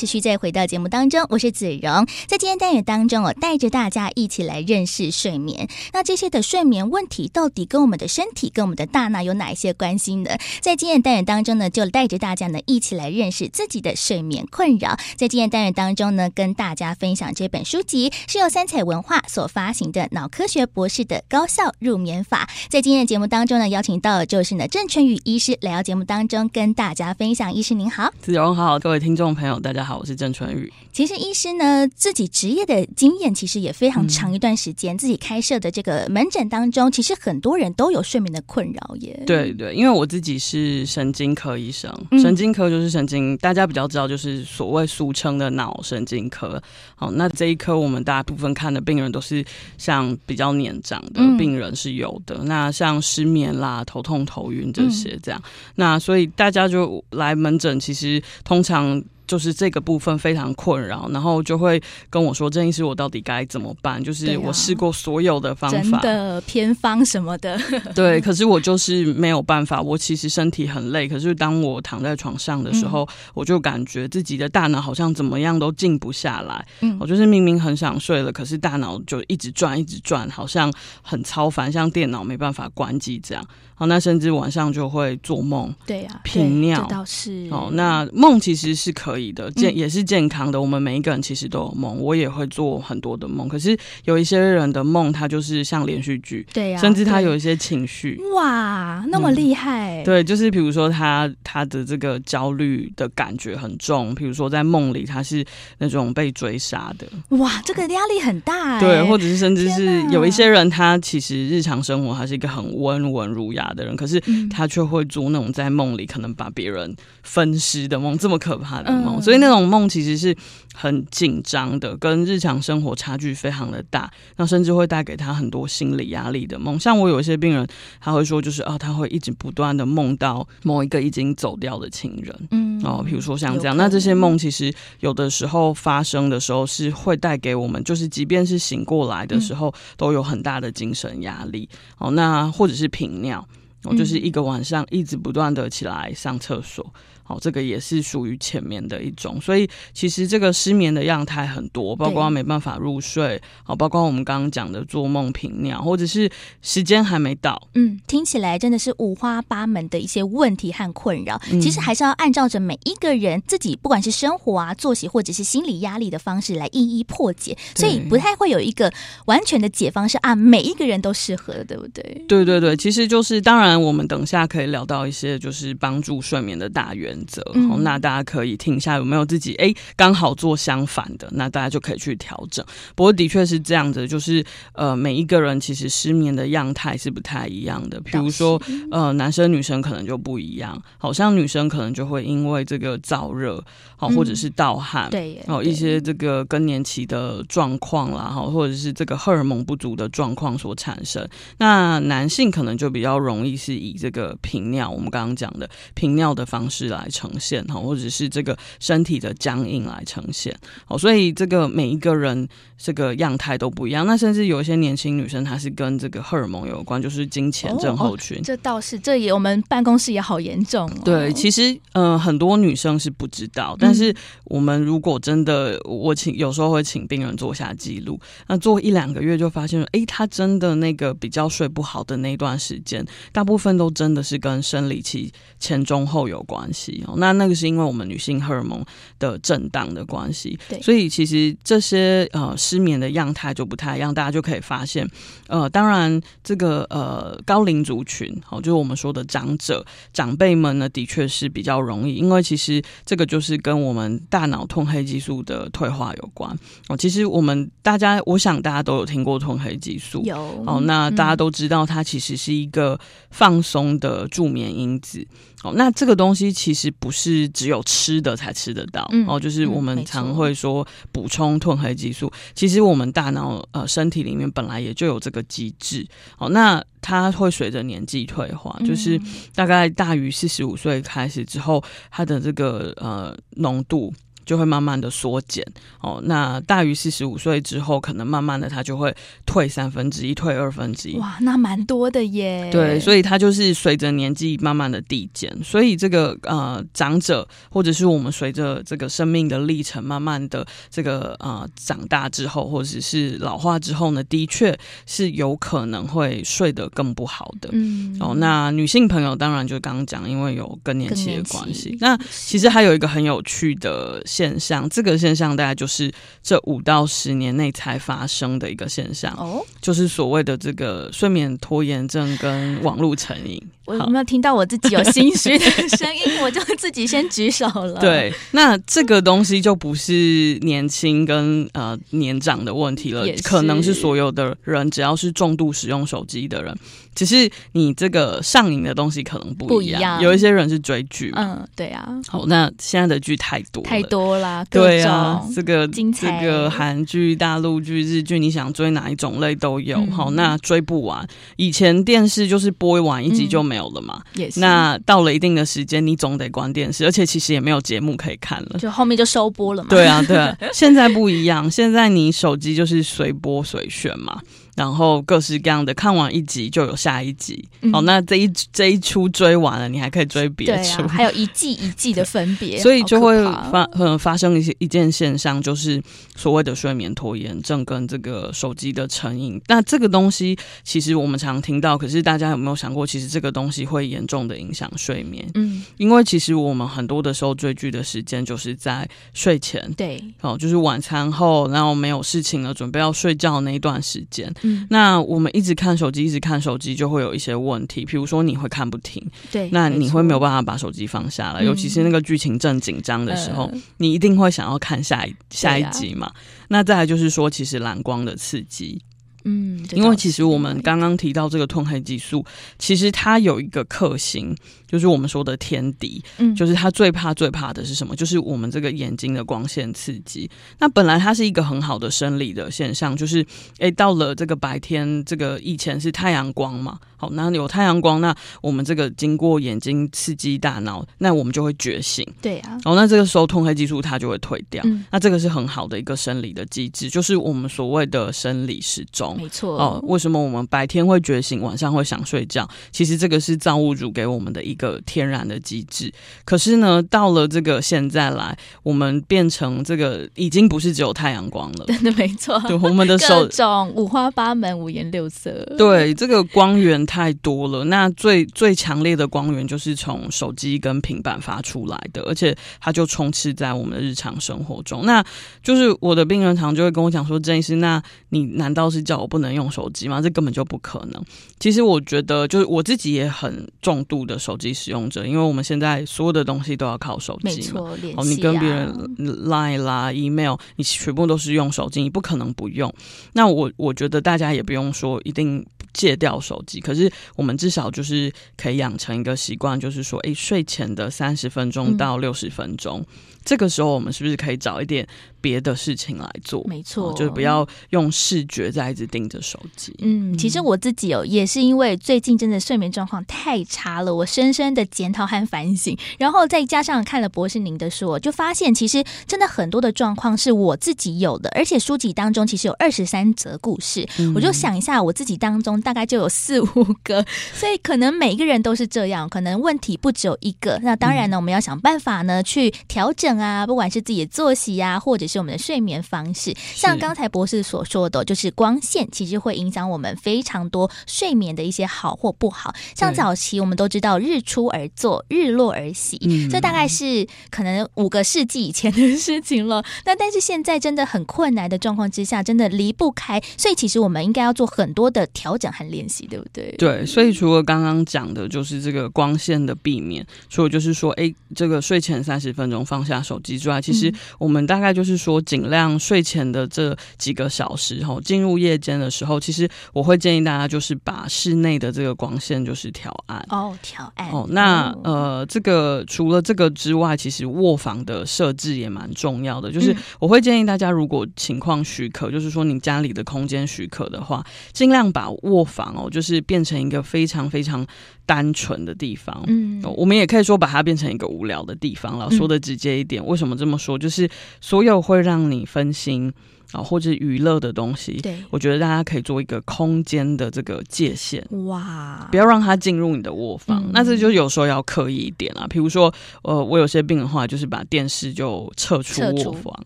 繼續再回到節目當中，我是子榮，在今天單元當中，我帶着大家一起來認識睡眠。那這些的睡眠問題到底跟我們的身體、跟我們的大腦有哪一些關係呢？在今天單元當中呢，就帶着大家呢一起來認識自己的睡眠困擾。在今天單元當中呢，跟大家分享這本書籍是由三彩文化所發行的《腦科學博士的高效入眠法》。在今天的節目當中呢，邀請到的就是呢鄭淳予醫師來到節目當中跟大家分享。醫師您好，子榮好，各位聽眾朋友大家好。好，我是鄭淳予。其實醫師呢，自己職業的經驗其實也非常長一段時間。嗯、自己開設的這個門診當中，其實很多人都有睡眠的困擾耶。對對，因為我自己是神經科醫生，嗯、神經科就是神經，大家比較知道就是所謂俗稱的腦神經科。好，那這一科我們大部分看的病人都是像比較年長的病人是有的。嗯、那像失眠啦、頭痛、頭暈這些，這樣。嗯、那所以大家就來門診，其實通常。就是這個部分非常困擾，然後就會跟我說：“鄭醫師，我到底該怎麼辦？”就是我試過所有的方法，啊、真的偏方什麼的。 對，可是我就是沒有辦法。我其實身體很累，可是當我躺在床上的時候，嗯、我就感覺自己的大腦好像怎麼樣都靜不下來。嗯，我就是明明很想睡了，可是大腦就一直轉，一直轉，好像很操煩，像電腦沒辦法關機這樣。好，那甚至晚上就會做夢。對啊，頻尿倒是。哦、喔，那夢其實是可以。的健也是健康的。我們每一個人其實都有夢，嗯、我也會做很多的夢。可是有一些人的夢，他就是像連續劇，對呀、啊，甚至他有一些情緒。哇，那麼厲害、欸嗯！對，就是比如說他他的這個焦慮的感覺很重。比如說在夢裡，他是那種被追殺的。哇，這個壓力很大、欸。對，或者是甚至是有一些人，他其實日常生活他是一個很溫文儒雅的人，可是他卻會做那種在夢裡可能把別人分屍的夢，這麼可怕的夢。嗯所以那種夢其實是很緊張的，跟日常生活差距非常的大，那甚至會帶給他很多心理壓力的夢。像我有一些病人，他會說就是啊、哦，他會一直不斷的夢到某一個已經走掉的親人，嗯，哦，比如說像這樣，那這些夢其實有的時候發生的時候是會帶給我們，就是即便是醒過來的時候都有很大的精神壓力，嗯、哦，那或者是頻尿。我就是一個晚上一直不斷的起來上廁所，好、嗯哦，這個也是屬於淺眠的一種。所以其實這個失眠的樣態很多，包括沒辦法入睡，好對、哦，包括我們剛剛講的做夢頻尿，或者是時間還沒到。嗯，聽起來真的是五花八門的一些問題和困擾。嗯、其實還是要按照着每一個人自己，不管是生活啊、作息，或者是心理壓力的方式，來一一破解。對所以不太會有一個完全的解方是啊，每一個人都適合，的，對不對？對對對，其實就是當然。那我們等下可以聊到一些就是幫助睡眠的大原則，嗯哼，好、那大家可以聽一下有沒有自己哎、欸、剛好做相反的，那大家就可以去調整。不過的確是這樣子，就是呃每一個人其實失眠的樣態是不太一樣的，比如說呃男生女生可能就不一樣，好像女生可能就會因為這個燥熱好或者是盜汗，然後、嗯、一些這個更年期的狀況啦，好或者是這個荷爾蒙不足的狀況所產生。那男性可能就比較容易，是以這個頻尿，我們剛剛講的頻尿的方式來呈現哈，或者是這個身體的僵硬來呈現哦，所以這個每一個人這個樣態都不一樣。那甚至有一些年輕女生，她是跟這個荷爾蒙有關，就是經前症候群、哦哦。這倒是，這也我們辦公室也好嚴重、哦。對，其實嗯、呃，很多女生是不知道，但是我們如果真的，嗯、我請有時候會請病人做下記錄，那做一兩個月就發現了，哎，她真的那個比較睡不好的那段時間大部分都真的是跟生理期前中後有關係哦。那那個是因為我們女性荷爾蒙的震盪的關係，對。所以其實這些呃失眠的樣態就不太一樣，大家就可以發現呃，當然這個呃高齡族群哦、呃，就是我們說的長者長輩們呢，的確是比較容易，因為其實這個就是跟我們大腦褪黑激素的退化有關哦、呃。其實我們大家，我想大家都有聽過褪黑激素，有哦、呃。那大家都知道它其實是一個。放鬆的助眠因子，哦，那這個東西其實不是只有吃的才吃得到，嗯、哦，就是我們常會說補充褪黑激素，嗯嗯、其實我們大腦呃身體裡面本來也就有這個機制，哦，那它會隨着年紀退化，就是大概大於四十五歲開始之後，它的這個呃濃度。就會慢慢的縮減哦，那大於四十五歲之後，可能慢慢的他就會退三分之一，退二分之一。哇，那蠻多的耶。對，所以它就是隨着年紀慢慢的遞減，所以這個呃長者或者是我們隨着這個生命的歷程，慢慢的這個呃長大之後，或者是老化之後呢，的確是有可能會睡得更不好的。嗯，哦，那女性朋友當然就剛剛講，因為有更年期的關係，那其實還有一個很有趣的。現象，這個現象大概就是這五到十年內才發生的一個現象，哦，就是所謂的這個睡眠拖延症跟網絡成癮。我有沒有聽到我自己有心虛的聲音？ 我就自己先舉手了。對，那這個東西就不是年輕跟呃年長的問題了，也是可能是所有的人，只要是重度使用手機的人。只是你這個上癮的東西可能不一樣，一樣有一些人是追劇嘛，嗯，對呀、啊。好，那現在的劇太多，太多啦，對呀、啊，這個精彩這個韓劇、大陸劇、日劇，你想追哪一種類都有。嗯、好，那追不完。以前電視就是播完一集就沒有了嘛，嗯、也是，那到了一定的時間，你總得關電視，而且其實也沒有節目可以看了，就後面就收播了嘛。對啊，對啊。 現在不一樣，現在你手機就是隨播隨選嘛。然後各式各樣的，看完一集就有下一集。嗯、哦，那這一這一出追完了，你還可以追別的對、啊、還有一季一季的分別，對所以就會發很、呃、發生一些一件現象，就是所謂的睡眠拖延症跟這個手機的成癮。那這個東西其實我們常聽到，可是大家有沒有想過，其實這個東西會嚴重的影響睡眠？嗯，因為其實我們很多的時候追劇的時間就是在睡前，對，哦，就是晚餐後，然後沒有事情了，準備要睡覺那一段時間。嗯，那我們一直看手機，一直看手機，就會有一些問題。譬如說，你會看不停，對，那你會沒有辦法把手機放下來。嗯、尤其是那個劇情正緊張的時候，呃、你一定會想要看下一下一集嘛。啊、那再來就是說，其實藍光的刺激。嗯，因為其實我們剛剛提到這個褪黑激素，其實它有一個剋星，就是我們說的天敵，嗯，就是它最怕最怕的是什麼？就是我們這個眼睛的光線刺激。那本來它是一個很好的生理的現象，就是哎，到了這個白天，這個以前是太陽光嘛，好，那有太陽光，那我們這個經過眼睛刺激大腦，那我們就會覺醒，對啊，然後那這個時候褪黑激素它就會退掉，嗯，那這個是很好的一個生理的機制，就是我們所謂的生理時鐘。沒錯哦，為什麼我們白天會覺醒，晚上會想睡覺？其實這個是造物主給我們的一個天然的機制。可是呢，到了這個現在來，我們變成這個已經不是只有太陽光了。真的沒錯，對，我們的手，種五花八門、五顏六色。對，這個光源太多了。那最最強烈的光源就是從手機跟平板發出來的，而且它就充斥在我們的日常生活中。那就是我的病人常常就會跟我講說：“鄭醫師，那你難道是叫？”我、哦、不能用手機嗎？這根本就不可能。其實我覺得，就是我自己也很重度的手機使用者，因為我們現在所有的東西都要靠手機嘛。啊、哦，你跟別人 line 啦、email，你全部都是用手機，你不可能不用。那我我覺得大家也不用說一定戒掉手機，可是我們至少就是可以養成一個習慣，就是說，哎，睡前的三十分鐘到六十分鐘。嗯這個時候，我們是不是可以找一點別的事情來做？沒錯，啊、就是不要用視覺在一直盯着手機。嗯，其實我自己哦，也是因為最近真的睡眠狀況太差了，我深深的檢討和反省，然後再加上看了博士您的書，就發現其實真的很多的狀況是我自己有的。而且書籍當中其實有二十三則故事，嗯、我就想一下，我自己當中大概就有四五個，所以可能每一個人都是這樣，可能問題不只有一個。那當然呢，嗯、我們要想辦法呢去調整。啊，不管是自己的作息呀、啊，或者是我們的睡眠方式，像剛才博士所說的就是光線，其實會影響我們非常多睡眠的一些好或不好。像早期我們都知道日出而作，日落而息，這對大概是可能五個世紀以前的事情了。嗯、那但是現在真的很困難的狀況之下，真的離不開，所以其實我們應該要做很多的調整和練習，對不對？對，所以除了剛剛講的就是這個光線的避免，所以就是說，哎、欸，這個睡前三十分鐘放下。手機之外，其實我們大概就是說，儘量睡前的這幾個小時，哈、嗯，進入夜間的時候，其實我會建議大家，就是把室內的這個光線就是調暗哦，調暗哦。那呃，這個除了這個之外，其實臥房的設置也蠻重要的，就是我會建議大家，如果情況許可，就是說你家裡的空間許可的話，儘量把臥房哦，就是變成一個非常非常單純的地方，嗯，我們也可以說把它變成一個無聊的地方了。然後說的直接一點，嗯，為什麼這麼說？就是所有會讓你分心。啊、哦，或者娛樂的東西，對，我覺得大家可以做一個空間的這個界限，哇，不要讓它進入你的臥房。嗯、那這就有時候要刻意一點啊，比如說，呃，我有些病的話，就是把電視就撤出臥房啊、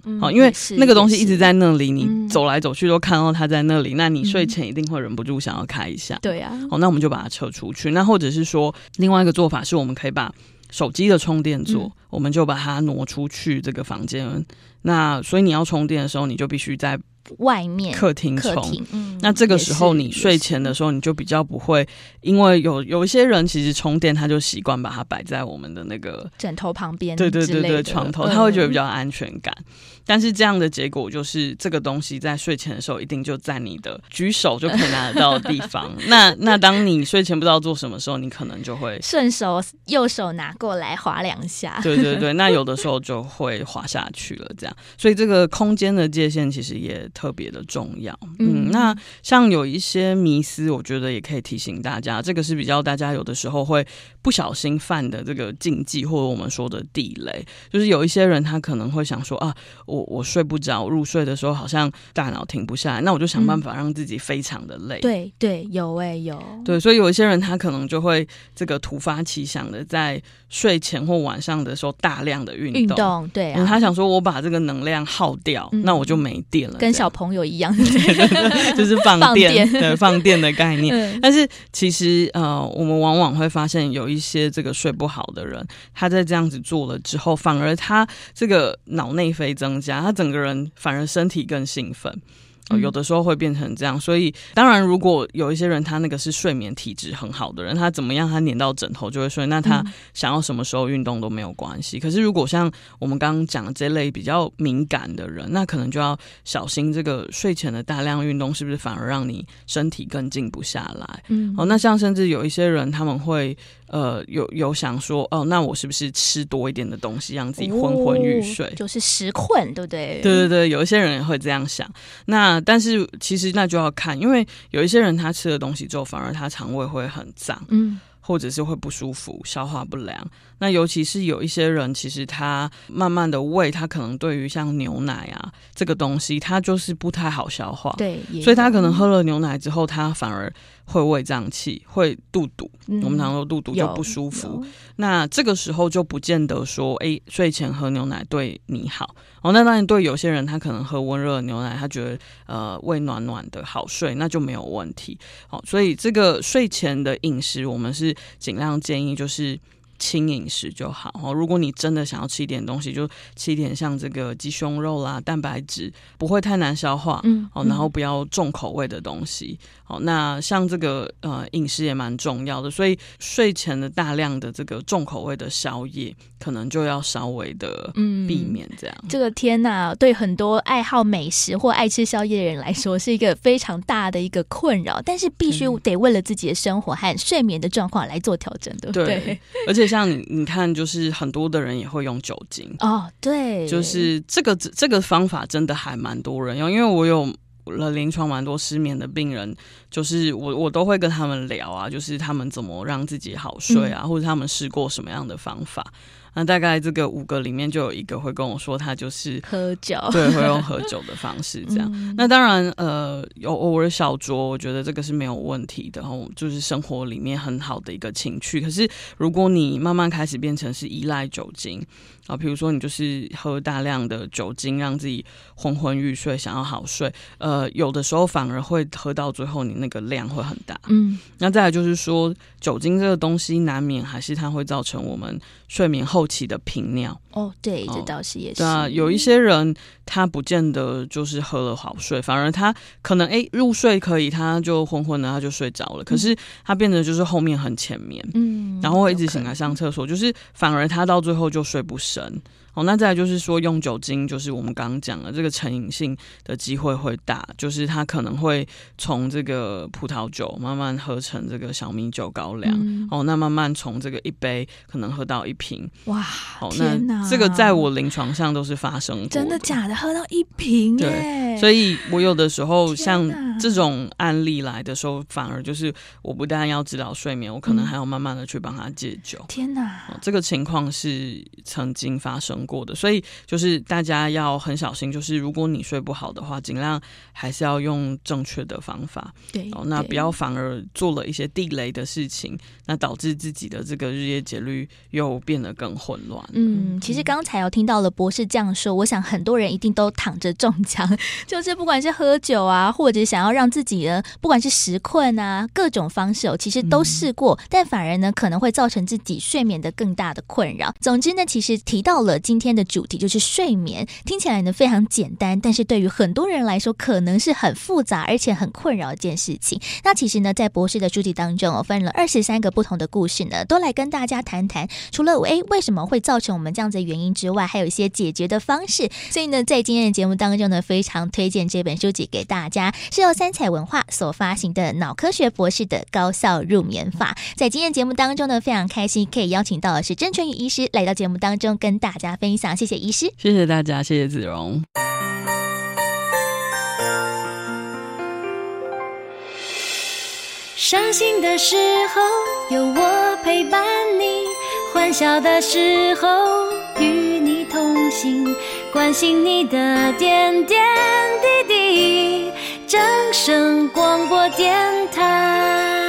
嗯哦，因為那個東西一直在那裡，你走來走去都看到它在那裡，嗯、那你睡前一定會忍不住想要開一下。嗯、對啊，好、哦，那我們就把它撤出去。那或者是說，另外一個做法是我們可以把手機的充電座，嗯、我們就把它挪出去這個房間。那所以你要充電的時候，你就必須在。外面客廳，客廳。嗯、那這個時候你睡前的時候，你就比較不會，因為有有一些人其實充電，他就習慣把它擺在我們的那個枕頭旁邊，對對對對，床頭，嗯、他會覺得比較安全感。但是這樣的結果就是，這個東西在睡前的時候一定就在你的舉手就可以拿得到的地方。 那那當你睡前不知道做什麼時候，你可能就會順手右手拿過來滑兩下。對對對，那有的時候就會滑下去了。這樣，所以這個空間的界限其實也特別的重要，嗯，那像有一些迷思，我覺得也可以提醒大家，這個是比較大家有的時候會不小心犯的這個禁忌，或者我們說的地雷，就是有一些人他可能會想說啊，我我睡不着，入睡的時候好像大腦停不下來，那我就想辦法讓自己非常的累，對對，有欸，有，對，所以有一些人他可能就會這個突發奇想的在睡前或晚上的時候大量的運動，對啊，嗯，他想說我把這個能量耗掉，嗯，那我就沒電了，跟小小朋友一樣， 就是放電，對，放電的概念。但是其實，呃，我們往往會發現有一些這個睡不好的人，他在這樣子做了之後，反而他這個腦內啡增加，他整個人反而身體更興奮。哦、有的時候會變成這樣，所以當然，如果有一些人他那個是睡眠體質很好的人，他怎麼樣，他黏到枕頭就會睡，那他想要什麼時候運動都沒有關係。嗯、可是如果像我們剛剛講的這類比較敏感的人，那可能就要小心，這個睡前的大量運動是不是反而讓你身體更靜不下來？嗯，哦，那像甚至有一些人他們會。呃，有有想說哦，那我是不是吃多一點的東西，讓自己昏昏欲睡？哦，就是食困，對不對？對對對，有一些人也會這樣想。那但是其實那就要看，因為有一些人他吃了東西之後，反而他腸胃會很髒，嗯，或者是會不舒服，消化不良。那尤其是有一些人，其實他慢慢的胃，他可能對於像牛奶啊、嗯、這個東西，他就是不太好消化，對，所以他可能喝了牛奶之後，他反而。會胃脹氣，會肚肚。嗯、我們常說肚肚就不舒服。那這個時候就不見得說，哎、欸，睡前喝牛奶對你好哦。那當然，對有些人他可能喝溫熱牛奶，他覺得呃胃暖暖的好睡，那就沒有問題。哦、所以這個睡前的飲食，我們是盡量建議就是。輕飲食就好，如果你真的想要吃一點東西，就吃一點像這個雞胸肉啦，蛋白質不會太難消化，嗯，嗯然後不要重口味的東西。那像這個呃，飲食也蠻重要的，所以睡前的大量的這個重口味的宵夜，可能就要稍微的嗯避免這樣。嗯、這個天吶，對很多愛好美食或愛吃宵夜的人來說，是一個非常大的一個困擾。但是必須得為了自己的生活和睡眠的狀況來做調整對不對，而且。就像你你看，就是很多的人也會用酒精哦，oh, 對，就是這個這個方法真的還蠻多人用，因為我有了臨床蠻多失眠的病人，就是我我都會跟他們聊啊，就是他們怎麼讓自己好睡啊，嗯、或者他們試過什麼樣的方法。那大概這個五個裡面就有一個會跟我說，他就是喝酒，對，會用喝酒的方式這樣。 嗯。那當然，呃，有偶爾小酌，我覺得這個是沒有問題的，然後就是生活裡面很好的一個情趣。可是，如果你慢慢開始變成是依賴酒精啊，比如說你就是喝大量的酒精，讓自己昏昏欲睡，想要好睡，呃，有的時候反而會喝到最後，你那個量會很大。嗯，那再來就是說，酒精這個東西難免還是它會造成我們睡眠後不起的頻尿哦，oh, 對，這倒是也是。哦啊、有一些人他不見得就是喝了好睡，反而他可能哎、欸、入睡可以，他就昏昏的，他就睡着了。嗯、可是他變得就是後面很淺眠，嗯，然後會一直醒來上廁所，嗯、就是反而他到最後就睡不深。哦，那再來就是說，用酒精，就是我們剛剛講了，這個成癮性的機會會大，就是他可能會從這個葡萄酒慢慢喝成這個小米酒高粱，嗯、哦，那慢慢從這個一杯可能喝到一瓶，哇，難、哦、哪那這個在我臨床上都是發生過的，真的假的？喝到一瓶耶、欸。對所以，我有的時候像這種案例來的時候，反而就是我不但要治療睡眠，我可能還要慢慢的去幫他戒酒。天哪，這個情況是曾經發生過的，所以就是大家要很小心。就是如果你睡不好的話，盡量還是要用正確的方法。對哦，那不要反而做了一些地雷的事情，那導致自己的這個日夜節律又變得更混亂。嗯，其實剛才有、哦、聽到了博士這樣說，我想很多人一定都躺着中槍。就是不管是喝酒啊，或者想要讓自己呢，不管是時困啊，各種方式哦、喔，其實都試過，但反而呢，可能會造成自己睡眠的更大的困擾。總之呢，其實提到了今天的主題就是睡眠，聽起來呢，非常簡單，但是對於很多人來說可能是很複雜而且很困擾一件事情。那其實呢，在博士的書籍當中我分了二十三個不同的故事呢，都來跟大家談談，除了“哎、欸”為什麼會造成我們這樣子的原因之外，還有一些解決的方式。所以呢，在今天的節目當中呢，非常推薦這本書籍給大家，是由三彩文化所發行的《腦科學博士的高效入眠法》。在今天節目當中呢，非常開心可以邀請到的是鄭淳予醫師來到節目當中跟大家分享，謝謝醫師，謝謝大家，謝謝子榮。傷心的時候有我陪伴你，歡笑的時候與你同行。關心你的點點滴滴，正聲廣播電台。